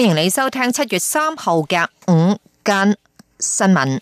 歡迎你收聽七月三號嘅午間新聞。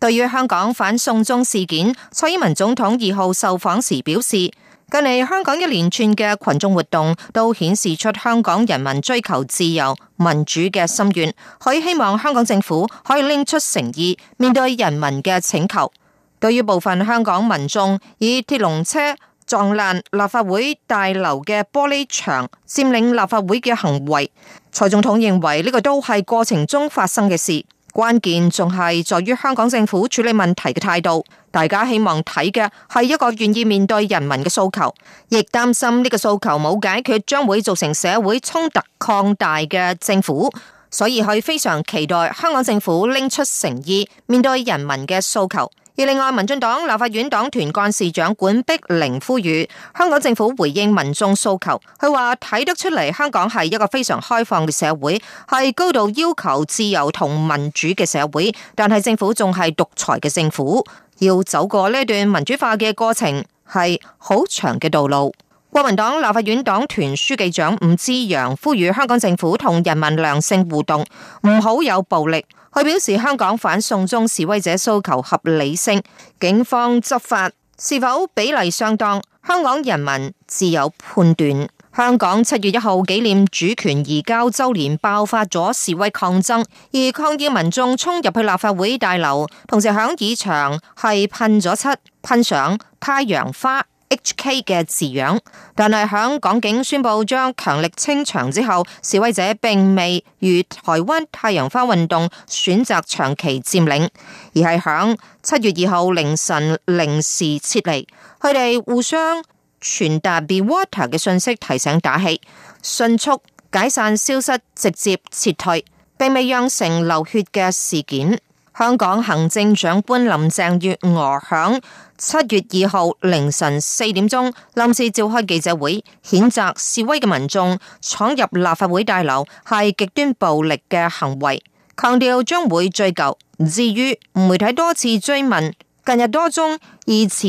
對於香港反送中事件，蔡英文總統二號受訪時表示，近嚟香港一連串嘅群眾活動都顯示出香港人民追求自由民主嘅心願。佢希望香港政府可以拎出誠意，面對人民嘅請求。對於部分香港民眾以鐵籠車。撞爛立法會大樓嘅玻璃牆，佔領立法會嘅行為，蔡總統認為呢個都係過程中發生嘅事，關鍵仲係在於香港政府處理問題嘅態度。大家希望睇嘅係一個願意面對人民嘅訴求，亦擔心呢個訴求冇解決，將會造成社會衝突擴大嘅政府。所以佢非常期待香港政府拎出誠意，面對人民嘅訴求。而另外，民進黨立法院黨團幹事長管碧玲呼籲香港政府回應民眾訴求。佢話睇得出嚟，香港係一個非常開放嘅社會，係高度要求自由同民主嘅社會。但係政府仲係獨裁嘅政府，要走過呢段民主化嘅過程，係好長嘅道路。國民黨立法院黨團書記長吳志揚呼籲香港政府同人民良性互動，唔好有暴力。佢表示，香港反送中示威者訴求合理性，警方執法是否比例相當，香港人民自有判斷。香港七月一號紀念主權移交周年爆發咗示威抗爭，而抗議民眾衝入去立法會大樓，同時響議場係噴咗漆噴上太陽花。H.K. 嘅字樣，但係喺港警宣布將強力清場之後，示威者並未與台灣太陽花運動選擇長期佔領，而係喺七月二號凌晨零時撤離。佢哋互相傳達 be water 嘅信息，提醒打氣，迅速解散、消失、直接撤退，並未釀成流血嘅事件。香港行政長官林鄭月娥響。七月二號凌晨四點鐘，臨時召開記者會，譴責示威嘅民眾闖入立法會大樓係極端暴力嘅行為，強調將會追究。至於媒體多次追問近日多宗疑似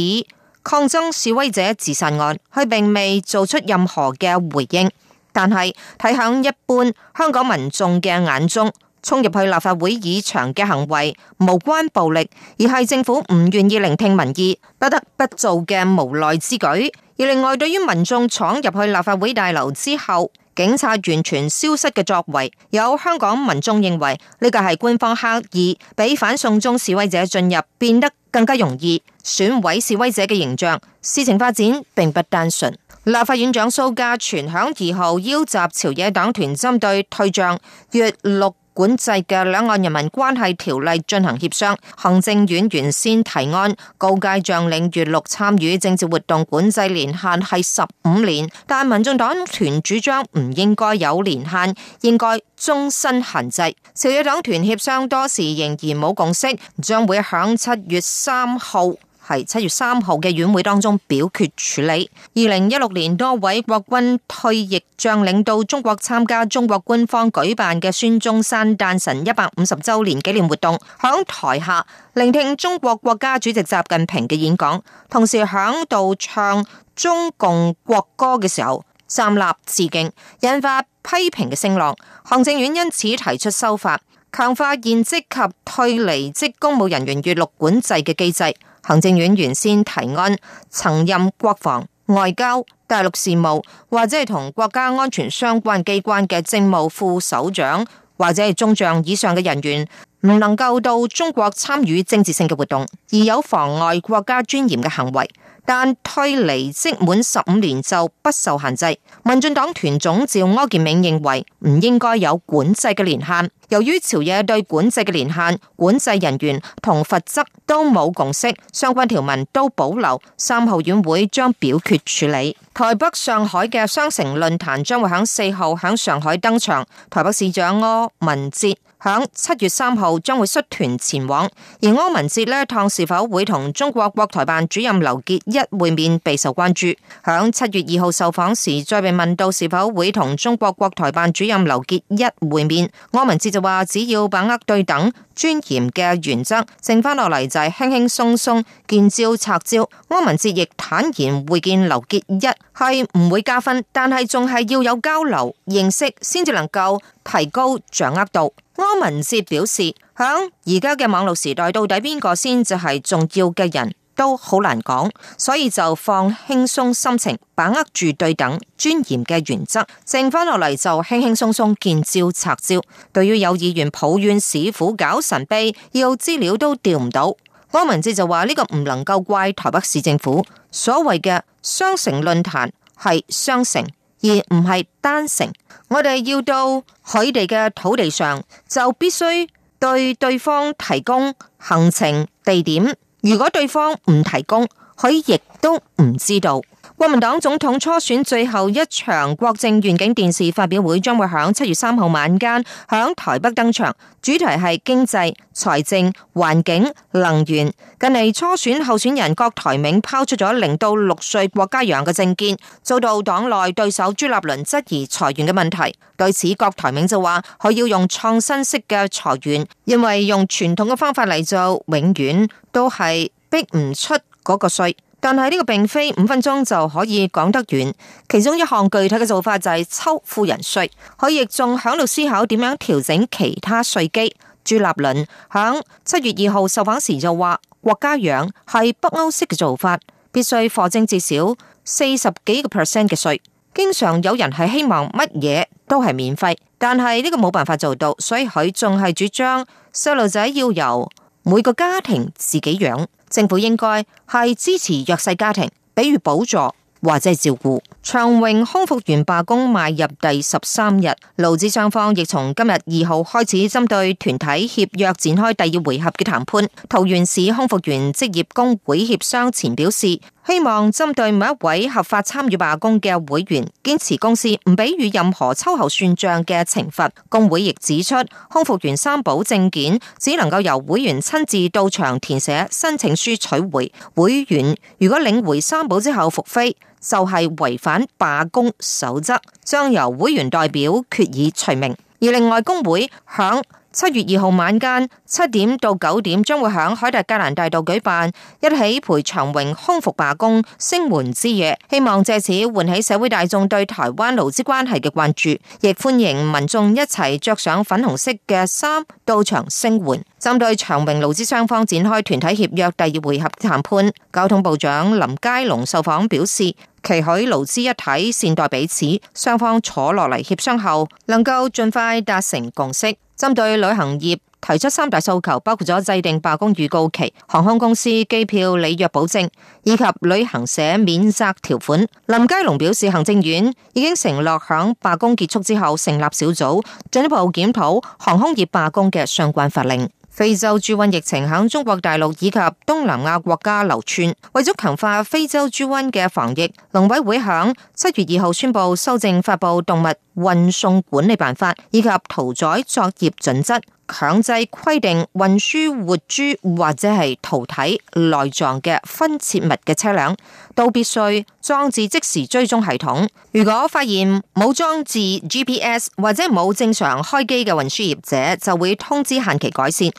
抗爭示威者自殺案，佢並未做出任何嘅回應。但係睇響一般香港民眾嘅眼中。衝入去立法會議場嘅行為無關暴力，而係政府唔願意聆聽民意，不得不做嘅無奈之舉。而另外，對於民眾闖入去立法會大樓之後，警察完全消失嘅作為，有香港民眾認為呢個係官方刻意俾反送中示威者進入，變得更加容易損毀示威者嘅形象，事情發展並不單純。立法院長蘇嘉全響二號邀集朝野黨團針對退將，約六。管制嘅兩岸人民關係條例進行協商，行政院原先提案高階將領赴陸參與政治活動管制年限係十五年，但民眾黨團主張唔應該有年限，應該終身限制。朝野黨團協商多時仍然冇共識，將會喺七月三號。係七月三號嘅院會當中表決處理。二零一六年多位國軍退役將領到中國參加中國官方舉辦嘅孫中山誕辰一百五十周年紀念活動，響台下聆聽中國國家主席習近平嘅演講，同時響度唱中共國歌嘅時候站立致敬，引發批評嘅聲浪。行政院因此提出修法，強化現職及退離職公務人員赴陸管制嘅機制。行政院原先提案，曾任國防、外交、大陸事務或者係同國家安全相關機關嘅政務副首長或者係中將以上嘅人員，唔能夠到中國參與政治性嘅活動而有妨礙國家尊嚴嘅行為，但退離職滿十五年就不受限制。民進黨團總召柯建銘認為，唔應該有管制嘅年限。由於朝野對管制嘅年限、管制人員同罰則都冇共識，相關條文都保留，三號院會將表決處理。台北、上海嘅雙城論壇將會響四號響上海登場。台北市長柯文哲響七月三號將會率團前往，而柯文哲呢一趟是否會同中國國台辦主任劉結一會面備受關注。響七月二號受訪時，再被問到是否會同中國國台辦主任劉結一會面，柯文哲就話只要把握對等、尊嚴嘅原則，剩翻落嚟就係輕輕鬆鬆見招拆招。柯文哲亦坦言會見劉結一係唔會加分，但係仲係要有交流認識，先至能夠提高掌握度。柯文哲表示，響而家嘅網絡時代，到底邊個先至係重要嘅人？都好難講，所以就放輕鬆心情，把握住對等尊嚴嘅原則，剩翻落嚟就輕輕松鬆見招拆招。對於有議員抱怨市府搞神秘，要資料都調唔到，柯文哲就話呢、這個唔能夠怪台北市政府。所謂嘅雙城論壇係雙城，而唔係單城。我哋要到佢哋嘅土地上，就必須對對方提供行程地點。如果對方唔提供，佢亦都唔知道。國民黨總統初選最後一場國政願景電視發表會將會喺七月三號晚間響台北登場，主題係經濟、財政、環境、能源。近嚟初選候選人郭台銘拋出咗零到六歲國家養嘅政見，遭到黨內對手朱立倫質疑裁員嘅問題。對此，郭台銘就話：佢要用創新式嘅裁員，因為用傳統嘅方法嚟做，永遠都係逼唔出嗰個稅。但係呢個並非五分鐘就可以講得完，其中一項具體嘅做法就係抽富人稅，佢亦仲響度思考點樣調整其他稅基。朱立倫響七月二號受訪時就話，國家養係北歐式嘅做法，必須課徵至少四十幾個 percent 嘅稅。經常有人係希望乜嘢都係免費，但係呢個冇辦法做到，所以佢仲係主張細路仔要由每個家庭自己養。政府應該係支持弱勢家庭，比如補助或者照顧。長榮空服員罷工邁入第十三日，勞資雙方亦從今日二號開始針對團體協約展開第二回合嘅談判。桃園市空服員職業工會協商前表示。希望針對每一位合法參與罷工嘅會員，堅持公司唔俾予任何秋後算賬嘅懲罰。工會亦指出，空服員三保證件只能夠由會員親自到場填寫申請書取回。會員如果領回三保之後復飛，就係、是、違反罷工守則，將由會員代表決議除名。而另外工會響。七月二號晚間七點到九點，將會響凱達格蘭大道舉辦一起陪長榮空服罷工聲援之夜，希望借此喚起社會大眾對台灣勞資關係嘅關注，亦歡迎民眾一齊着上粉紅色嘅衫到場聲援。針對長榮勞資雙方展開團體協約第二回合談判，交通部長林佳龍受訪表示，期許勞資一體善待彼此，雙方坐落嚟協商後，能夠盡快達成共識。針對旅行業提出三大訴求，包括咗制定罷工預告期、航空公司機票履約保證以及旅行社免責條款。林佳龍表示，行政院已經承諾響罷工結束之後成立小組，進一步檢討航空業罷工嘅相關法令。非洲豬瘟疫情響中國大陸以及東南亞國家流竄，為咗強化非洲豬瘟嘅防疫，農委會響七月二號宣布修正發布動物。運送管理辦法以及屠宰作業準則，強制規定運輸活豬或者係屠體內臟嘅分切物嘅車輛，都必須裝置即時追蹤系統。如果發現冇裝置 GPS 或者冇正常開機嘅運輸業者，就會通知限期改善。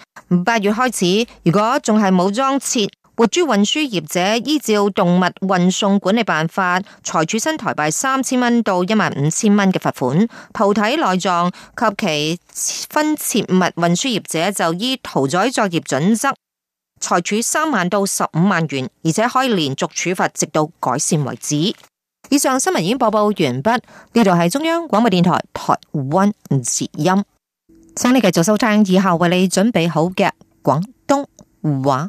八月開始，如果仲係冇裝設。活豬運輸業者依照《動物運送管理辦法》，裁處新台幣三千蚊到一萬五千蚊嘅罰款；屠體內臟及其分切物運輸業者就依屠宰作業準則，裁處三萬到十五萬元，而且可以連續處罰直到改善為止。以上新聞已經播報完畢，呢度係中央廣播電台台灣之音，請你繼續收聽，以下為你準備好嘅廣東話。